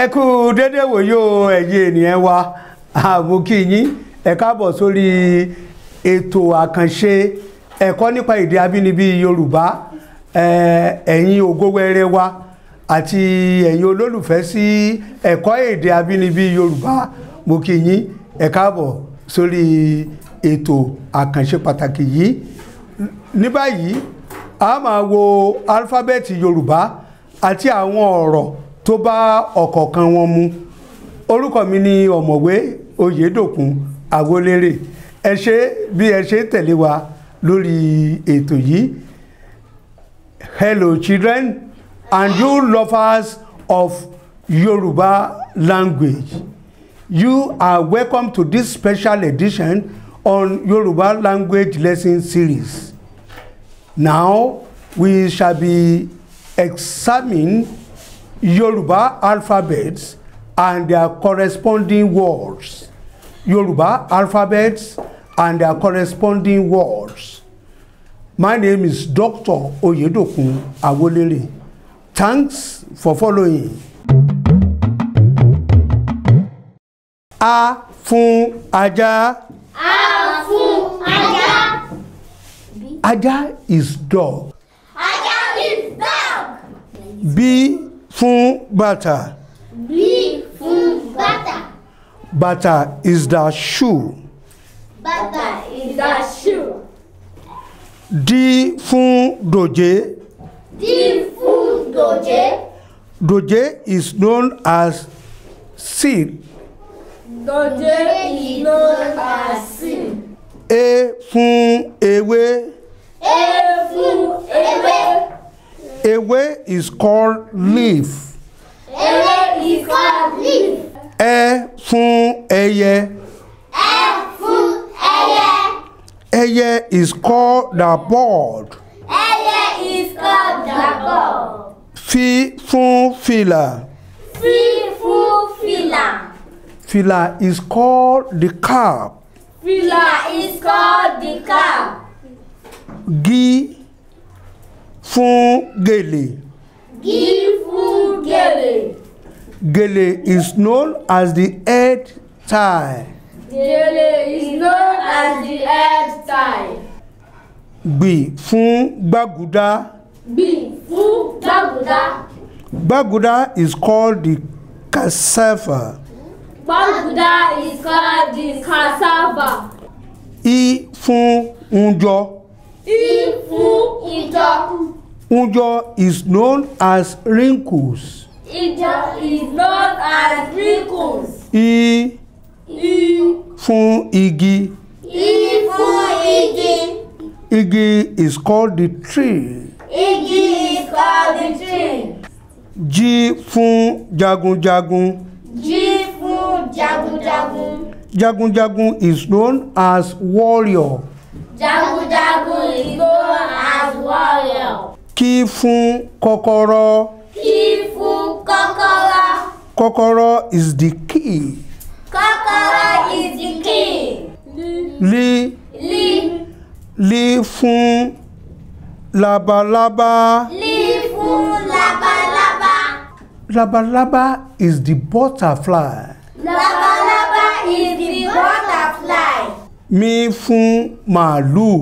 ẹ kú dédé wòye o ẹ̀yin ènìyàn wa àmú kí yín ẹ káàbọ̀ sórí ètò àkànṣe ẹ̀kọ́ nípa èdè abínibí Yorùbá ẹ̀yin ògówẹ́rẹ́ wa àti ẹ̀yin olólùfẹ́ sí ẹ̀kọ́ èdè abínibí Yorùbá mo kí yín ẹ káàbọ̀ sórí ètò àkànṣe pàtàkì yìí ní báyìí a máa wo alifábẹ́ẹ̀tì Yorùbá àti àwọn ọ̀rọ̀ tó bá ọ̀kọ̀ọ̀kan wọn mu orúkọ mi ni ọ̀mọ̀wé oyèdòkun àwọlérè ẹ ṣe bí ẹ ṣe tẹ̀lé wa lórí ètò yìí hello children and you lovers of Yoruba language you are welcome to this special edition on Yoruba language lesson series now we shall be examining Yoruba alphabets and their corresponding words. Yoruba alphabets and their corresponding words. My name is Dr. Oyedokun Awolere. Thanks for following. A fún ajá. A fún ajá. Ajá is dog. Ajá is dog. B fún bàtà. B fún bàtà. Bàtà is the shoe. Bàtà is the shoe. D fún dòjé. D fún dòjé. Dòjé is known as seed. Dòjé is known as seed. E fún ewé. E fún ewé. Ewé is called leaf. Ewé is called leaf. Ẹ fún ẹyẹ. Ẹ fún ẹyẹ. Ẹyẹ is called the bird. Ẹyẹ is called the bird. Fi fún fìlà. Fi fún fìlà. Fìlà is called the cap. Fìlà is called the cap. Gi fún gèlè. Give fún gèlè. Gèlè is known as the head tie. Gèlè is known as the head tie. Gbì fún gbàgùdá. Gbì fún gbàgùdá. Gbàgùdá is called the cassava. Gbàgùdá is called the cassava. I fún ǹjọ. I fún ǹjọ. Ujo is known as wrinkles. Ijo is known as wrinkles. I. I. Fun igi. I fun igi. Igi is called the tree. Igi is called the tree. Ji fun jagun jagun. Ji fun jagun jagun. Jagun jagun is known as warrior. Jagun jagun is known as warrior kí fún kọ́kọ́rọ́. kí fún kọ́kọ́rọ́. kọ́kọ́rọ́ is the key. kọ́kọ́rọ́ is the key. lí. lí. lí fún labalábá. lí fún labalábá. labalábá is the butterfly. labalábá is the butterfly. Mi fún màálù.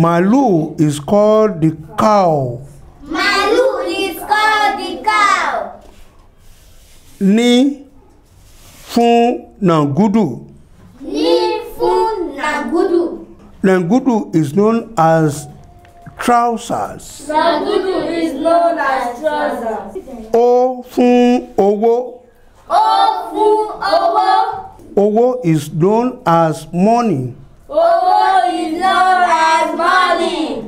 Malu is called the cow. Malu is called the cow. Ní fún Nangudu. Ní fún Nangudu. Nangudu is known as trousers. Nangudu is known as trousers. Ó fún owó. Ó fún owó. Owó is known as money. Owó is known as money.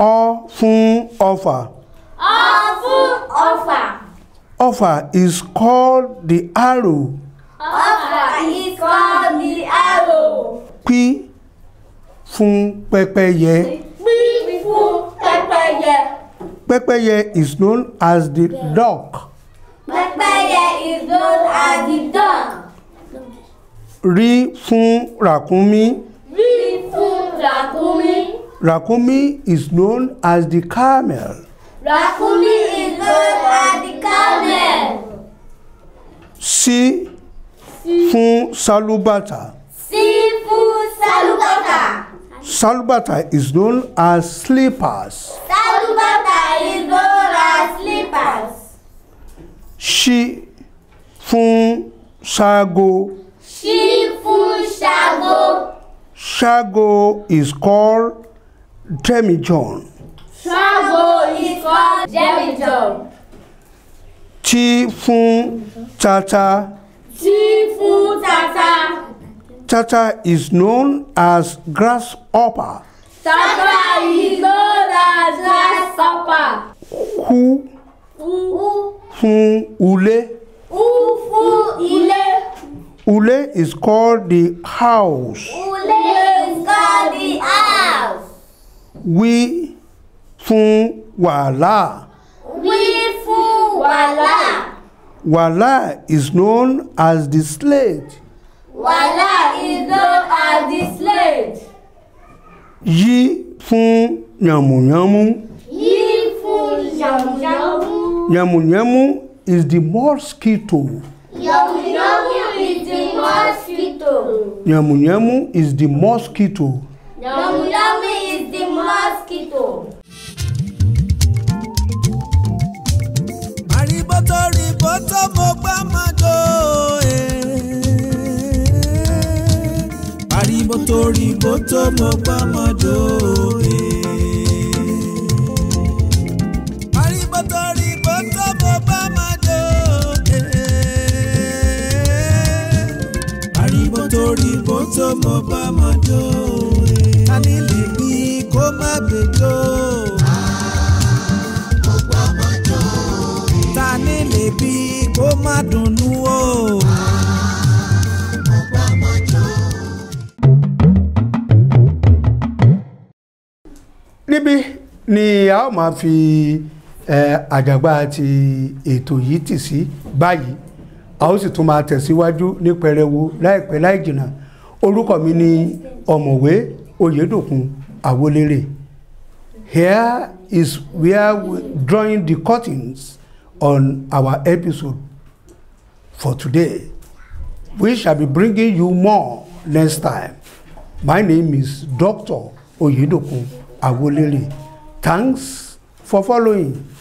Ọ fún ọfà. Ọ fún ọfà. Ọfà is called the arrow. Ọfà is called the arrow. Pí fún pẹ́pẹ́yẹ. Pí fún pẹ́pẹ́yẹ. Pẹ́pẹ́yẹ is known as the yeah. duck. Pẹ́pẹ́yẹ is known as the duck. Rí fún ràkúnmí. Rakumi. Rakumi is known as the camel. Rakumi is known as the camel. Sí si. fún Salubata. si fún Salubata. Salubata is known as slippers. Salubata is known as slippers. Ṣí fún shago. Ṣí fún shago. Shago is called demijohn. Shago is called demijohn. Tí fún tata. Tí fún tata. Tata is known as grasshopper. Tata is known as grasshopper. Kú. Kú. Fún ulé. Kú fún ilé. Ule is called the house. Ule the house. Wí fún wàhálà. Wí fún wàhálà. Wàhálà is known as the slave. Wàhálà is known as the slave. Yí fún yàmùyàmù. Yí fún yàmùyàmù. Yàmùyàmù is the mosquito. Yàmùyàmù is the mosquito. Yàmùyàmù is the mosquito. Naulami is the mosquito. Àríbọ́tọ̀ ríbọ́tọ̀ mo gbá máa jó eh. àríbọ́tọ̀ ríbọ́tọ̀ mo gbá máa jó. Eh. a ó máa fi àjàgbá ti ètò yìí tì sí báyìí a ó sì tún máa tẹ̀síwájú ní pẹrẹwu láìpẹ́ láì jìnnà orúkọ mi ni ọ̀mọ̀wé oyèdòkun àwolérè here is where we drawing the curtains on our episode for today we shall be bringing you more next time my name is Dr. oyedokun awolere. Thanks for following.